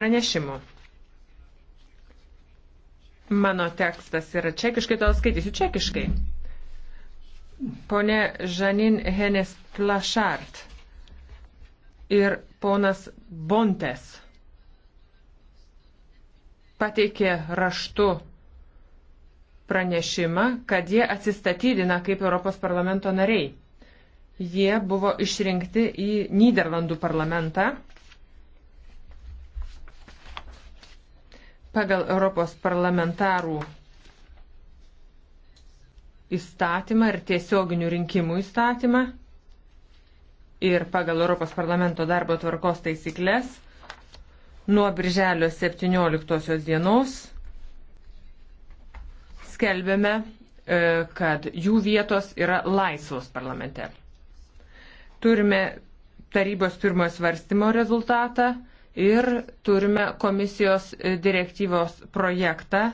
pranešimų. Mano tekstas yra čekiškai, todėl skaitysiu čekiškai. Pone Žanin Henes Plašart ir ponas Bontes pateikė raštu pranešimą, kad jie atsistatydina kaip Europos parlamento nariai. Jie buvo išrinkti į Niderlandų parlamentą pagal Europos parlamentarų įstatymą ir tiesioginių rinkimų įstatymą ir pagal Europos parlamento darbo tvarkos taisyklės nuo birželio 17 dienos skelbėme, e, kad jų vietos yra laisvos parlamente. Turime tarybos pirmojo svarstymo rezultatą ir turime komisijos e, direktyvos projektą